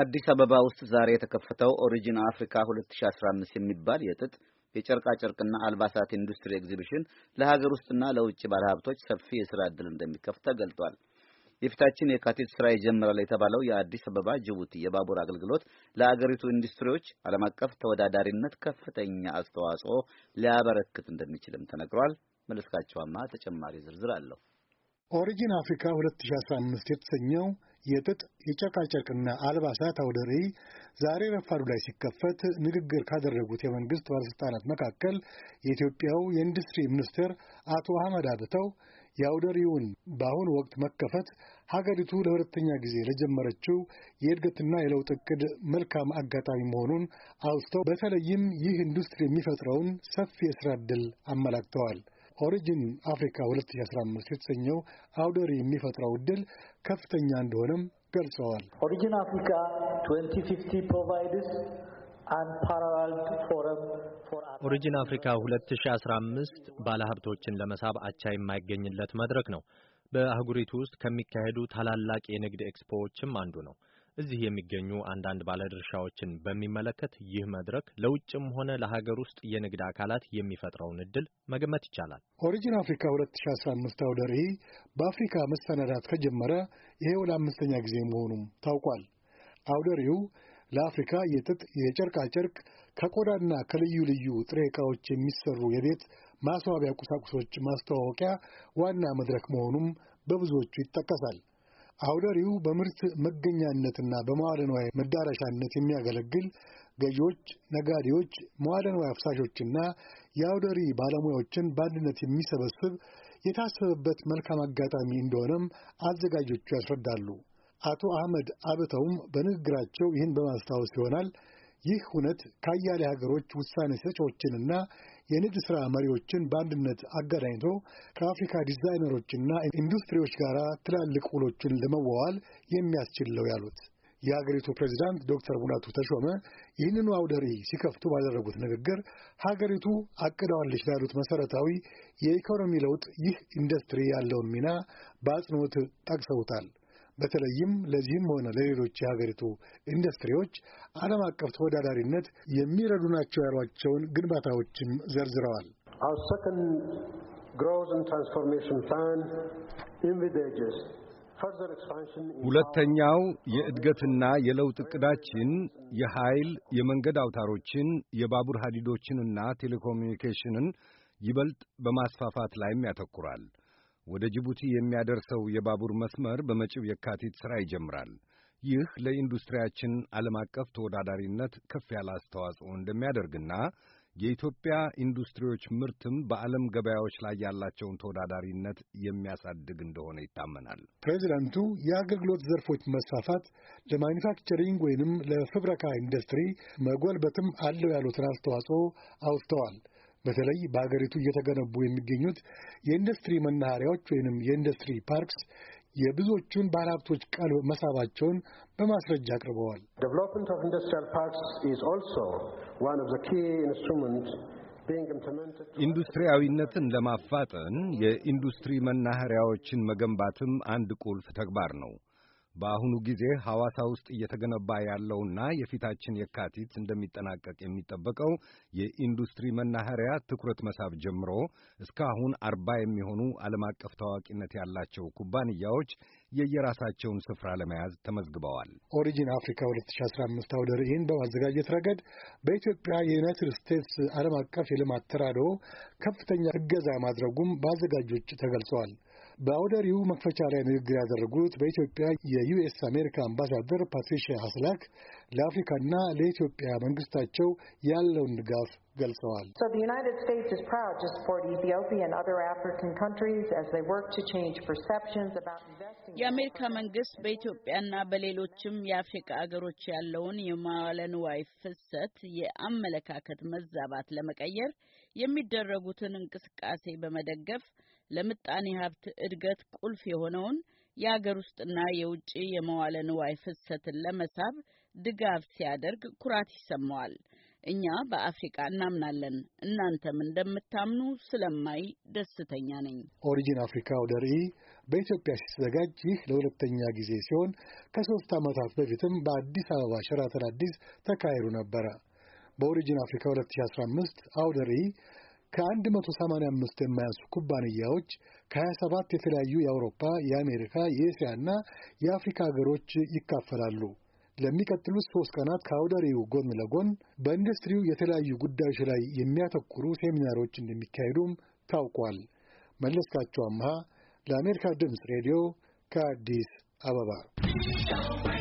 አዲስ አበባ ውስጥ ዛሬ የተከፈተው ኦሪጂን አፍሪካ 2015 የሚባል የጥጥ የጨርቃጨርቅና አልባሳት ኢንዱስትሪ ኤግዚቢሽን ለሀገር ውስጥና ለውጭ ባለሀብቶች ሰፊ የስራ ዕድል እንደሚከፍት ተገልጧል። የፊታችን የካቲት ስራ ይጀምራል የተባለው የአዲስ አበባ ጅቡቲ የባቡር አገልግሎት ለአገሪቱ ኢንዱስትሪዎች ዓለም አቀፍ ተወዳዳሪነት ከፍተኛ አስተዋጽኦ ሊያበረክት እንደሚችልም ተነግሯል። መለስካቸዋማ ተጨማሪ ዝርዝር አለው። ኦሪጂን አፍሪካ 2015 የተሰኘው የጥጥ የጨርቃጨርቅና አልባሳት አውደ ርዕይ ዛሬ ረፋዱ ላይ ሲከፈት ንግግር ካደረጉት የመንግስት ባለሥልጣናት መካከል የኢትዮጵያው የኢንዱስትሪ ሚኒስትር አቶ አህመድ አብተው የአውደ ርዕዩን በአሁኑ ወቅት መከፈት ሀገሪቱ ለሁለተኛ ጊዜ ለጀመረችው የእድገትና የለውጥ እቅድ መልካም አጋጣሚ መሆኑን አውስተው በተለይም ይህ ኢንዱስትሪ የሚፈጥረውን ሰፊ የስራ ዕድል አመላክተዋል። ኦሪጂን አፍሪካ 2015 የተሰኘው አውደሪ የሚፈጥረው እድል ከፍተኛ እንደሆነም ገልጸዋል። ኦሪጂን አፍሪካ 2050 ፕሮቫይድስ ኦሪጂን አፍሪካ 2015 ባለሀብቶችን ለመሳብ አቻ የማይገኝለት መድረክ ነው። በአህጉሪቱ ውስጥ ከሚካሄዱ ታላላቅ የንግድ ኤክስፖዎችም አንዱ ነው። እዚህ የሚገኙ አንዳንድ ባለድርሻዎችን በሚመለከት ይህ መድረክ ለውጭም ሆነ ለሀገር ውስጥ የንግድ አካላት የሚፈጥረውን እድል መገመት ይቻላል። ኦሪጂን አፍሪካ 2015 አውደ ርዕይ በአፍሪካ መሰናዳት ከጀመረ ይሄው ለአምስተኛ ጊዜ መሆኑም ታውቋል። አውደ ርዕዩ ለአፍሪካ የጥጥ፣ የጨርቃጨርቅ፣ ከቆዳና ከልዩ ልዩ ጥሬ ዕቃዎች የሚሰሩ የቤት ማስዋቢያ ቁሳቁሶች ማስተዋወቂያ ዋና መድረክ መሆኑም በብዙዎቹ ይጠቀሳል። አውደሪው በምርት መገኛነትና በመዋለ ንዋይ መዳረሻነት የሚያገለግል ገዢዎች፣ ነጋዴዎች፣ መዋለ ንዋይ አፍሳሾችና የአውደሪ ባለሙያዎችን በአንድነት የሚሰበስብ የታሰበበት መልካም አጋጣሚ እንደሆነም አዘጋጆቹ ያስረዳሉ። አቶ አህመድ አብተውም በንግግራቸው ይህን በማስታወስ ይሆናል ይህ ሁነት ከአያሌ ሀገሮች ውሳኔ ሰጪዎችንና የንግድ ሥራ መሪዎችን በአንድነት አገናኝቶ ከአፍሪካ ዲዛይነሮችና ኢንዱስትሪዎች ጋር ትላልቅ ውሎችን ለመዋዋል የሚያስችል ነው ያሉት የሀገሪቱ ፕሬዚዳንት ዶክተር ሙላቱ ተሾመ ይህንኑ አውደሪ ሲከፍቱ ባደረጉት ንግግር ሀገሪቱ አቅዳዋለች ላሉት መሰረታዊ የኢኮኖሚ ለውጥ ይህ ኢንዱስትሪ ያለውን ሚና በአጽንኦት ጠቅሰውታል። በተለይም ለዚህም ሆነ ለሌሎች የሀገሪቱ ኢንዱስትሪዎች ዓለም አቀፍ ተወዳዳሪነት የሚረዱ ናቸው ያሏቸውን ግንባታዎችም ዘርዝረዋል። ሁለተኛው የእድገትና የለውጥ እቅዳችን የኃይል፣ የመንገድ አውታሮችን፣ የባቡር ሀዲዶችንና ቴሌኮሙኒኬሽንን ይበልጥ በማስፋፋት ላይም ያተኩራል። ወደ ጅቡቲ የሚያደርሰው የባቡር መስመር በመጪው የካቲት ሥራ ይጀምራል። ይህ ለኢንዱስትሪያችን ዓለም አቀፍ ተወዳዳሪነት ከፍ ያለ አስተዋጽኦ እንደሚያደርግና የኢትዮጵያ ኢንዱስትሪዎች ምርትም በዓለም ገበያዎች ላይ ያላቸውን ተወዳዳሪነት የሚያሳድግ እንደሆነ ይታመናል። ፕሬዚዳንቱ የአገልግሎት ዘርፎች መስፋፋት ለማኒፋክቸሪንግ ወይንም ለፍብረካ ኢንዱስትሪ መጎልበትም አለው ያሉትን አስተዋጽኦ አውስተዋል። በተለይ በአገሪቱ እየተገነቡ የሚገኙት የኢንዱስትሪ መናኸሪያዎች ወይንም የኢንዱስትሪ ፓርክስ የብዙዎቹን ባለሀብቶች ቀልብ መሳባቸውን በማስረጃ አቅርበዋል። ኢንዱስትሪያዊነትን ለማፋጠን የኢንዱስትሪ መናኸሪያዎችን መገንባትም አንድ ቁልፍ ተግባር ነው። በአሁኑ ጊዜ ሐዋሳ ውስጥ እየተገነባ ያለውና የፊታችን የካቲት እንደሚጠናቀቅ የሚጠበቀው የኢንዱስትሪ መናኸሪያ ትኩረት መሳብ ጀምሮ እስካሁን አርባ የሚሆኑ ዓለም አቀፍ ታዋቂነት ያላቸው ኩባንያዎች የየራሳቸውን ስፍራ ለመያዝ ተመዝግበዋል። ኦሪጂን አፍሪካ 2015 አውደ ርዕይን በማዘጋጀት ረገድ በኢትዮጵያ የዩናይትድ ስቴትስ ዓለም አቀፍ የልማት ተራድኦ ከፍተኛ እገዛ ማድረጉም በአዘጋጆች ተገልጿል። በአውደሪው መክፈቻ ላይ ንግግር ያደረጉት በኢትዮጵያ የዩኤስ አሜሪካ አምባሳደር ፓትሪሺያ ሀስላክ ለአፍሪካና ለኢትዮጵያ መንግስታቸው ያለውን ድጋፍ ገልጸዋል። የአሜሪካ መንግስት በኢትዮጵያና በሌሎችም የአፍሪካ አገሮች ያለውን የመዋለ ንዋይ ፍሰት የአመለካከት መዛባት ለመቀየር የሚደረጉትን እንቅስቃሴ በመደገፍ ለምጣኔ ሀብት እድገት ቁልፍ የሆነውን የአገር ውስጥና የውጭ የመዋለ ንዋይ ፍሰትን ለመሳብ ድጋፍ ሲያደርግ ኩራት ይሰማዋል። እኛ በአፍሪቃ እናምናለን፣ እናንተም እንደምታምኑ ስለማይ ደስተኛ ነኝ። ኦሪጂን አፍሪካ ወደ ርኢ በኢትዮጵያ ሲዘጋጅ ይህ ለሁለተኛ ጊዜ ሲሆን ከሶስት ዓመታት በፊትም በአዲስ አበባ ሸራተን አዲስ ተካሂዱ ነበረ። በኦሪጂን አፍሪካ 2015 አውደ ርዕይ ከ185 የማያንሱ ኩባንያዎች ከ27 የተለያዩ የአውሮፓ፣ የአሜሪካ፣ እና የአፍሪካ ሀገሮች ይካፈላሉ። ለሚቀጥሉት ሶስት ቀናት ከአውደሪው ጎን ለጎን በኢንዱስትሪው የተለያዩ ጉዳዮች ላይ የሚያተኩሩ ሴሚናሮች እንደሚካሄዱም ታውቋል። መለስካቸው አምሃ ለአሜሪካ ድምፅ ሬዲዮ ከአዲስ አበባ